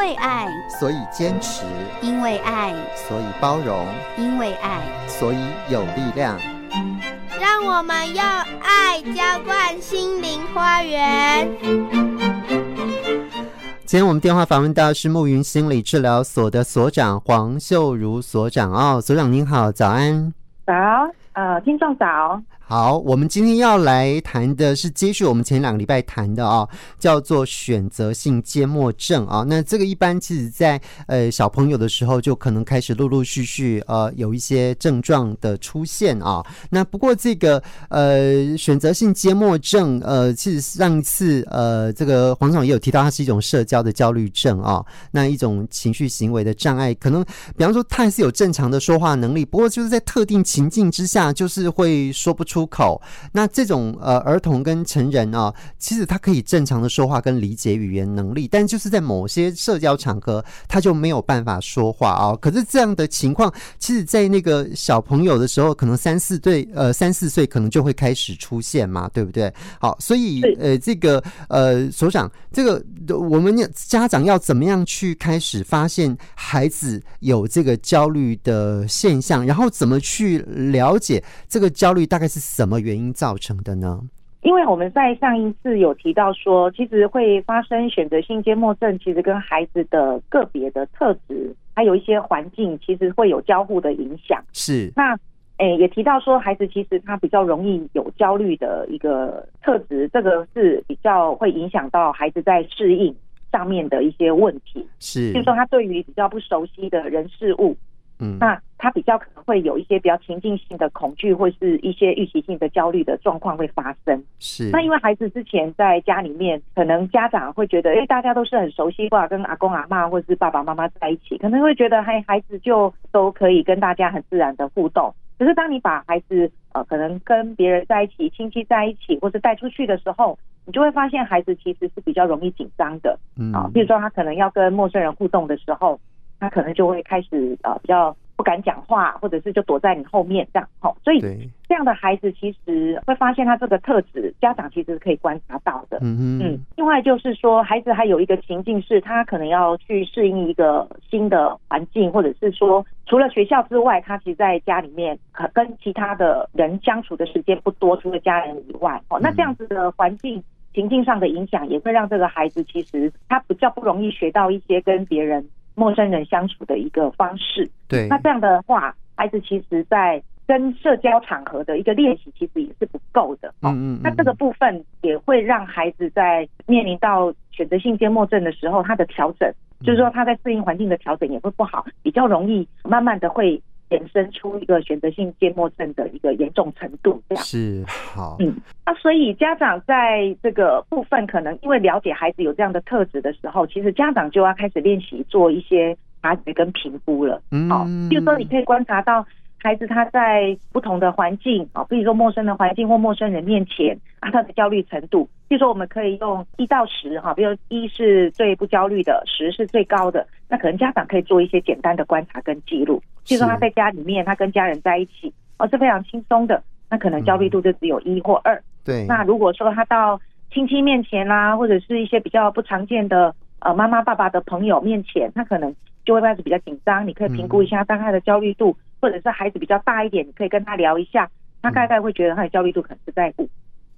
為愛，所以堅持；因為愛，所以包容；因為愛，所以有力量。讓我們用愛澆灌心靈花園。今天我們電話訪問到的是沐昀心理治療所的所長黃秀如所長哦，oh, 所長您好，早安。早，呃，聽眾早。好，我們今天要來談的是接續我們前兩個禮拜談的啊，叫做選擇性緘默症啊。那這個一般其實在呃小朋友的時候就可能開始陸陸續續呃有一些症狀的出現啊。那不過這個呃選擇性緘默症呃，其實上一次呃這個黃總也有提到，它是一種社交的焦慮症啊，那一種情緒行為的障礙，可能比方說他還是有正常的說話能力，不過就是在特定情境之下就是會說不出。出口，那這種呃兒童跟成人啊、哦，其實他可以正常的說話跟理解語言能力，但就是在某些社交場合他就沒有辦法說話啊、哦。可是這樣的情況，其實，在那個小朋友的時候，可能三四歲呃三四歲可能就會開始出現嘛，對不對？好，所以呃這個呃所長，這個我們家長要怎麼樣去開始發現孩子有這個焦慮的現象，然後怎麼去了解這個焦慮大概是？什麼原因造成的呢？因為我們在上一次有提到說，其實會發生選擇性緘默症，其實跟孩子的個別的特質，還有一些環境，其實會有交互的影響。是。那，誒，也提到說，孩子其實他比較容易有焦慮的一個特質，這個是比較會影響到孩子在適應上面的一些問題。是。就是說他對於比較不熟悉的人事物，嗯，那。他比較可能會有一些比較情境性的恐懼，或是一些預期性的焦慮的狀況會發生。是，那因為孩子之前在家裡面，可能家長會覺得，因為大家都是很熟悉，或，跟阿公阿媽或是爸爸媽媽在一起，可能會覺得孩孩子就都可以跟大家很自然的互動。可是當你把孩子，呃，可能跟別人在一起，親戚在一起，或是帶出去的時候，你就會發現孩子其實是比較容易緊張的，哦。嗯，啊，比如說他可能要跟陌生人互動的時候，他可能就會開始，呃，比較。不敢講話，或者是就躲在你後面這樣，吼，所以這樣的孩子其實會發現他這個特質，家長其實可以觀察到的。嗯，嗯，另外就是說，孩子還有一個情境是，他可能要去適應一個新的環境，或者是說，除了學校之外，他其實在家裡面跟其他的人相處的時間不多，除了家人以外，哦、嗯，那這樣子的環境情境上的影響，也會讓這個孩子其實他比較不容易學到一些跟別人。陌生人相處的一個方式，對，那這樣的話，孩子其實，在跟社交場合的一個練習，其實也是不夠的，嗯，嗯，嗯，那這個部分也會讓孩子在面臨到選擇性緘默症的時候，他的調整，就是說他在適應環境的調整也會不好，比較容易慢慢的會。衍生出一個選擇性緘默症的一個嚴重程度，這樣是好。嗯，那、啊、所以家長在這個部分，可能因為了解孩子有這樣的特質的時候，其實家長就要開始練習做一些察覺跟評估了。好嗯，就是說你可以觀察到孩子他在不同的環境啊，比如說陌生的環境或陌生人面前啊，他的焦慮程度。就是說我們可以用一到十哈，比如一是最不焦慮的，十是最高的。那可能家長可以做一些簡單的觀察跟記錄，比如說他在家裡面，他跟家人在一起是哦是非常輕鬆的，那可能焦慮度就只有一、嗯、或二。對。那如果說他到親戚面前啦，或者是一些比較不常見的呃媽媽爸爸的朋友面前，他可能就會開始比較緊張。你可以評估一下當他的焦慮度、嗯，或者是孩子比較大一點，你可以跟他聊一下，他大概，概會覺得他的焦慮度可能是在五、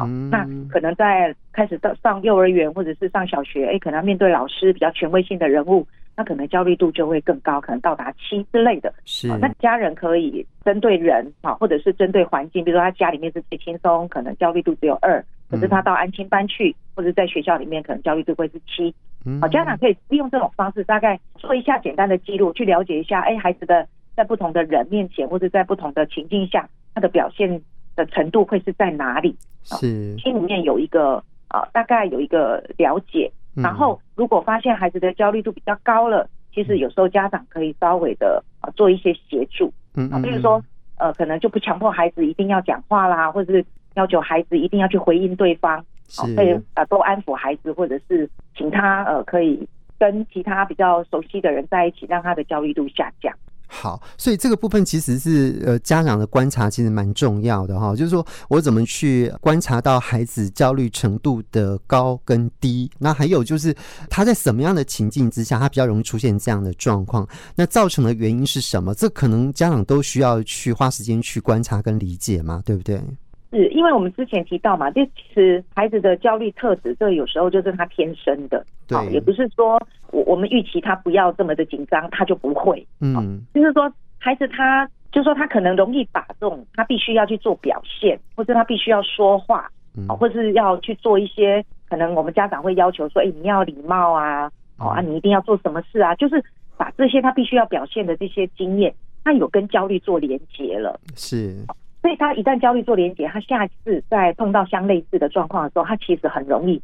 嗯。哦，那可能在開始到上幼兒園或者是上小學，欸、可能面對老師比較權威性的人物。他可能焦慮度就會更高，可能到達七之類的。是。那家人可以針對人啊，或者是針對環境，比如說他家裡面是最輕鬆，可能焦慮度只有二，可是他到安親班去，嗯、或者在學校裡面，可能焦慮度會是七。嗯。家長可以利用這種方式，大概做一下簡單的記錄，去了解一下，哎，孩子的在不同的人面前，或者在不同的情境下，他的表現的程度會是在哪裡？是。心裡面有一個呃大概有一個了解。然後，如果發現孩子的焦慮度比較高了，其實有時候家長可以稍微的啊做一些協助，啊，比如說呃，可能就不強迫孩子一定要講話啦，或者是要求孩子一定要去回應對方，呃、可以啊多、呃、安撫孩子，或者是請他呃可以跟其他比較熟悉的人在一起，讓他的焦慮度下降。好，所以這個部分其實是呃，家長的觀察其實蠻重要的哈。就是說我怎麼去觀察到孩子焦慮程度的高跟低？那還有就是他在什麼樣的情境之下，他比較容易出現這樣的狀況？那造成的原因是什麼？這可能家長都需要去花時間去觀察跟理解嘛，對不對？是因為我們之前提到嘛，就其實孩子的焦慮特質，這有時候就是他天生的，對，哦，也不是說。我我們預期他不要這麼的緊張，他就不會。嗯，啊、就是說，孩子他就是說，他可能容易把這種他必須要去做表現，或者他必須要說話，嗯、啊，或是要去做一些可能我們家長會要求說，哎、欸，你要禮貌啊，哦啊，你一定要做什麼事啊，哦、就是把這些他必須要表現的這些經驗，他有跟焦慮做連接了。是、啊，所以他一旦焦慮做連接，他下次再碰到相類似的狀況的時候，他其實很容易，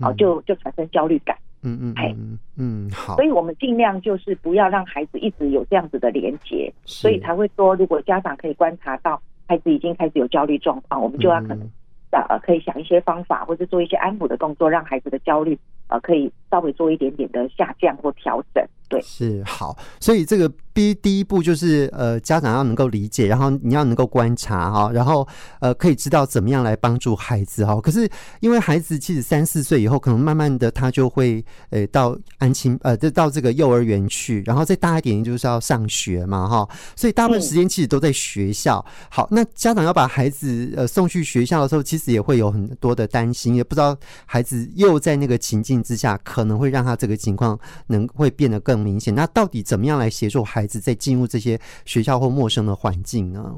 哦、啊嗯，就就產生焦慮感。嗯嗯，哎、嗯，嗯好，所以我們尽量就是不要讓孩子一直有這樣子的連接，所以才會說，如果家長可以觀察到孩子已經開始有焦慮狀況，我們就要可能、嗯、呃可以想一些方法，或者做一些安撫的動作，讓孩子的焦慮呃可以。稍微做一點點的下降或調整，對，是好。所以這個第第一步就是，呃，家長要能夠理解，然後你要能夠觀察哈、哦，然後呃，可以知道怎麼樣來幫助孩子哈、哦。可是因為孩子其實三四歲以後，可能慢慢的他就會呃到安親呃，到呃就到這個幼兒園去，然後再大一點就是要上學嘛哈、哦。所以大部分時間其實都在學校、嗯。好，那家長要把孩子呃送去學校的時候，其實也會有很多的擔心，也不知道孩子又在那個情境之下可。可能會讓他這個情況能會變得更明顯。那到底怎麼樣來協助孩子在進入這些學校或陌生的環境呢？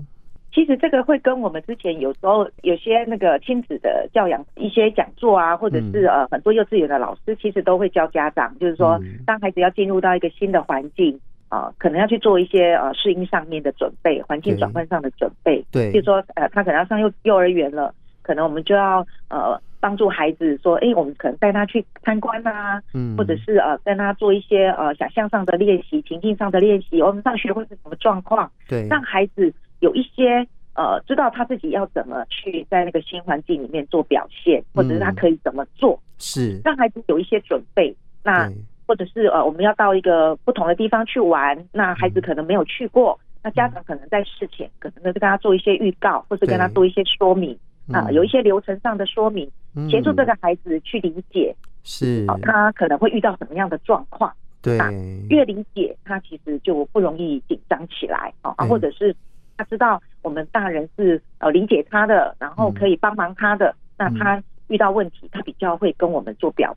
其實這個會跟我們之前有時候有些那個親子的教養一些講座啊，或者是呃很多幼稚園的老師，其實都會教家長，就是說，當孩子要進入到一個新的環境啊，可能要去做一些呃適應上面的準備，環境轉換上的準備。對，就是說呃他可能要上幼幼兒園了。可能我們就要呃幫助孩子說，哎，我們可能帶他去參觀吶，嗯，或者是呃帶他做一些呃想象上的練習、情境上的練習，我們上學會是什麼狀況？對，讓孩子有一些呃知道他自己要怎麼去在那個新環境裡面做表現，或者是他可以怎麼做？是、嗯、讓孩子有一些準備。那或者是呃我們要到一個不同的地方去玩，那孩子可能沒有去過，嗯、那家長可能在事前、嗯、可能呢就跟他做一些預告，或是跟他做一些說明。嗯、啊，有一些流程上的說明，協助這個孩子去理解，嗯、是、啊，他可能會遇到什麼樣的狀況？對，啊、越理解他其實就不容易緊張起來啊，或者是他知道我們大人是呃理解他的，然後可以幫忙他的、嗯，那他遇到問題、嗯、他比較會跟我們做表。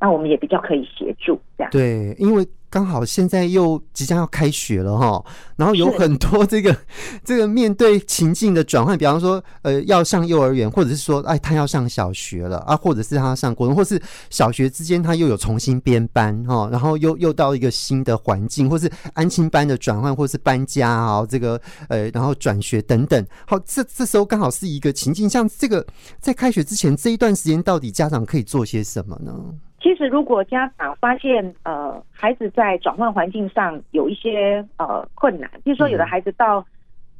那我們也比較可以協助這樣。對，因為剛好現在又即將要開學了哈，然後有很多這個這個面對情境的轉換，比方說呃要上幼兒園，或者是說哎他要上小學了啊，或者是他上國中，或是小學之間他又有重新編班哈，然後又又到一個新的環境，或是安親班的轉換，或是搬家啊，這個呃然後轉學等等。好，這這時候剛好是一個情境，像這個在開學之前這一段時間，到底家長可以做些什麼呢？其實，如果家長發現呃孩子在轉換環境上有一些呃困難，比如說有的孩子到、嗯、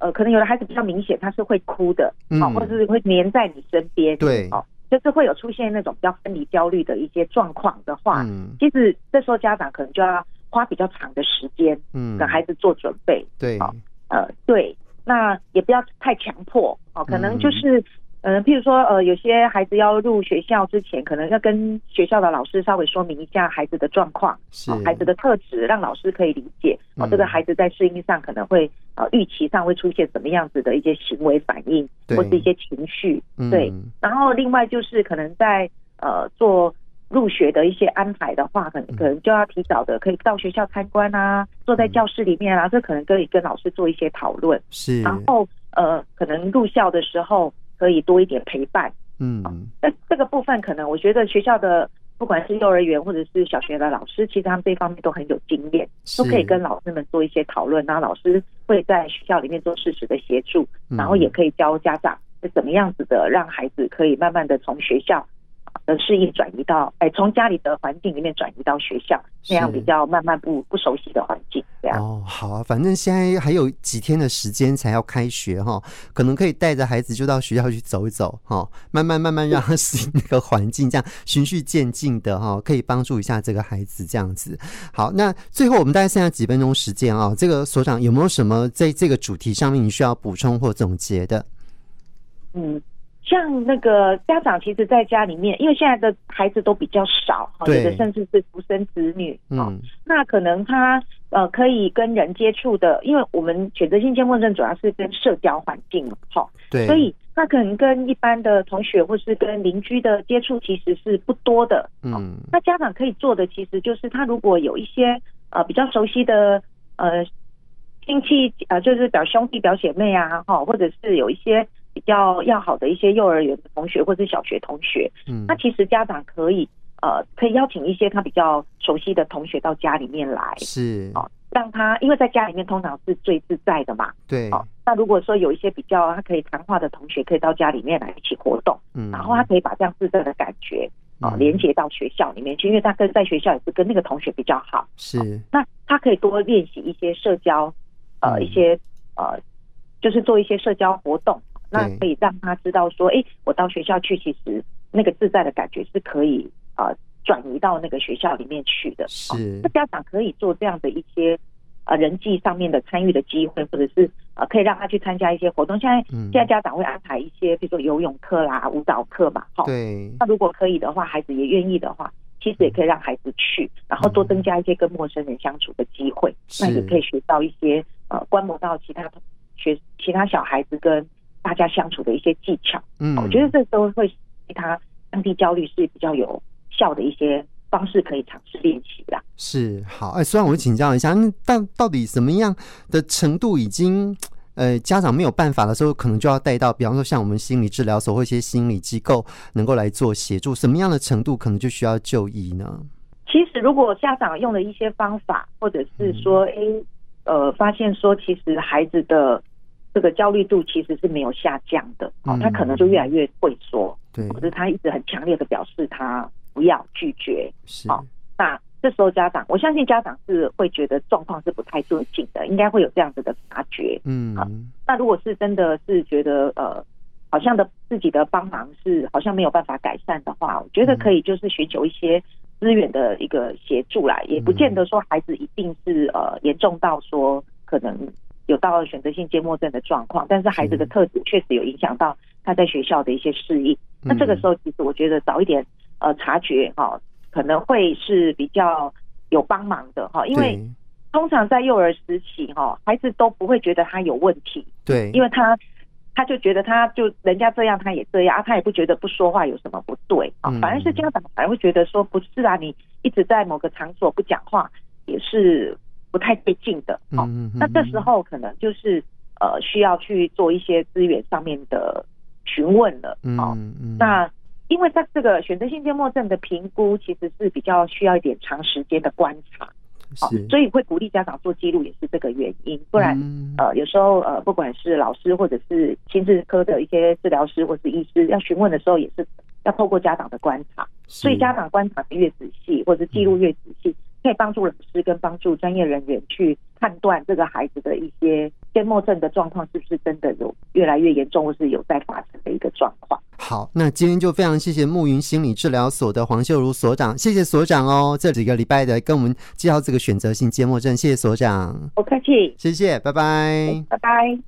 呃可能有的孩子比較明顯，他是會哭的，嗯，哦、或者是會黏在你身邊，對，哦，就是會有出現那種比較分離焦慮的一些狀況的話，嗯，其實這時候家長可能就要花比較長的時間，嗯，跟孩子做準備，嗯、對、哦，呃，對，那也不要太強迫，哦，可能就是。嗯嗯、呃，譬如說，呃，有些孩子要入學校之前，可能要跟學校的老師稍微說明一下孩子的狀況、啊，孩子的特質，讓老師可以理解哦、嗯啊，這個孩子在適應上可能會呃預期上會出現什麼樣子的一些行為反應，或是一些情緒，對、嗯。然後另外就是可能在呃做入學的一些安排的話，可可能就要提早的可以到學校參觀啊、嗯，坐在教室裡面啊，這可能可以跟老師做一些討論。是。然後呃，可能入校的時候。可以多一點陪伴，嗯，那這個部分可能我覺得學校的不管是幼兒園或者是小學的老師，其實他們這方面都很有經驗，都可以跟老師們做一些討論啊。然後老師會在學校裡面做適時的協助，然後也可以教家長是怎麼樣子的，讓孩子可以慢慢的從學校。的適應轉移到，哎，從家裡的環境裡面轉移到學校，這樣比較慢慢不不熟悉的環境這樣哦，好啊，反正現在還有幾天的時間才要開學哈，可能可以帶着孩子就到學校去走一走哈，慢慢慢慢讓他適應那個環境，這樣循序漸進的哈，可以幫助一下這個孩子這樣子。好，那最後我們大概剩下幾分鐘時間啊，這個所長有沒有什麼在這個主題上面你需要補充或總結的？嗯。像那個家長，其實在家裡面，因為現在的孩子都比較少，有的、哦就是、甚至是獨生子女嗯、哦、那可能他呃可以跟人接觸的，因為我們選擇性緘默症主要是跟社交環境哈、哦，對，所以他可能跟一般的同學或是跟鄰居的接觸其實是不多的，嗯，哦、那家長可以做的其實就是他如果有一些呃比較熟悉的呃親戚啊、呃，就是表兄弟表姐妹啊，哈、哦，或者是有一些。比較要好的一些幼兒園的同學，或者是小學同學，嗯，那其實家長可以呃，可以邀請一些他比較熟悉的同學到家裡面來，是哦，讓他因為在家裡面通常是最自在的嘛，對哦。那如果說有一些比較他可以談話的同學，可以到家裡面來一起活動，嗯，然後他可以把這樣自在的感覺啊、哦嗯，連接到學校裡面去，因為他跟在學校也是跟那個同學比較好，是。哦、那他可以多練習一些社交，呃，嗯、一些呃，就是做一些社交活動。那可以讓他知道說，哎、欸，我到學校去，其實那個自在的感覺是可以啊，呃，轉移到那個學校裡面去的。嗯。那家長可以做這樣的一些，呃，人際上面的參與的機會，或者是，呃，可以讓他去參加一些活動。現在、嗯、現在家長會安排一些，比如說游泳課啦、啊、舞蹈課嘛，齁。對。那如果可以的話，孩子也願意的話，其實也可以讓孩子去、嗯，然後多增加一些跟陌生人相處的機會、嗯。那也可以學到一些，呃，觀摩到其他學、其他小孩子跟。大家相處的一些技巧，嗯，我覺得這都會給他降低焦慮是比較有效的一些方式，可以嘗試練習啦。是好，哎、欸，雖然我請教一下，那但到底什麼樣的程度已經，呃，家長沒有辦法的時候，可能就要帶到，比方說像我們心理治療所或一些心理機構，能夠來做協助。什麼樣的程度可能就需要就醫呢？其實，如果家長用了一些方法，或者是說，哎，呃，發現說，其實孩子的。這個焦慮度其實是沒有下降的，哦，他可能就越來越會說，嗯、對，可是他一直很強烈的表示他不要拒絕，是、哦、那這時候家長，我相信家長是會覺得狀況是不太對勁的，應該會有這樣子的察覺，嗯、啊、那如果是真的是覺得呃，好像的自己的幫忙是好像沒有辦法改善的話，我覺得可以就是尋求一些資源的一個協助來、嗯，也不見得說孩子一定是呃嚴重到說可能。有到選擇性緘默症的狀況，但是孩子的特質確實有影響到他在學校的一些適應、嗯。那這個時候，其實我覺得早一點呃察覺哈，可能會是比較有幫忙的哈，因為通常在幼兒時期哈，孩子都不會覺得他有問題，對，因為他他就覺得他就人家這樣他也這樣啊，他也不覺得不說話有什麼不對啊、嗯，反而是家長反而會覺得說不是啊，你一直在某個場所不講話也是。太接近的，哦、嗯嗯。那這時候可能就是呃需要去做一些資源上面的詢問了，好、呃嗯嗯，那因為在這個選擇性緘默症的評估其實是比較需要一點長時間的觀察，好、呃，所以會鼓勵家長做記錄也是這個原因，不然、嗯、呃有時候呃不管是老師或者是心智科的一些治療師或是醫師要詢問的時候也是要透過家長的觀察，所以家長觀察的越仔細或者記錄越仔細。嗯可以幫助老師跟幫助專業人員去判斷這個孩子的一些緘默症的狀況是不是真的有越來越嚴重，或是有在發生的一個狀況。好，那今天就非常謝謝沐昀心理治療所的黃秀如所長，謝謝所長哦，這幾個禮拜的跟我們介紹這個選擇性緘默症，謝謝所長，不客氣，謝謝，拜拜，拜、okay, 拜。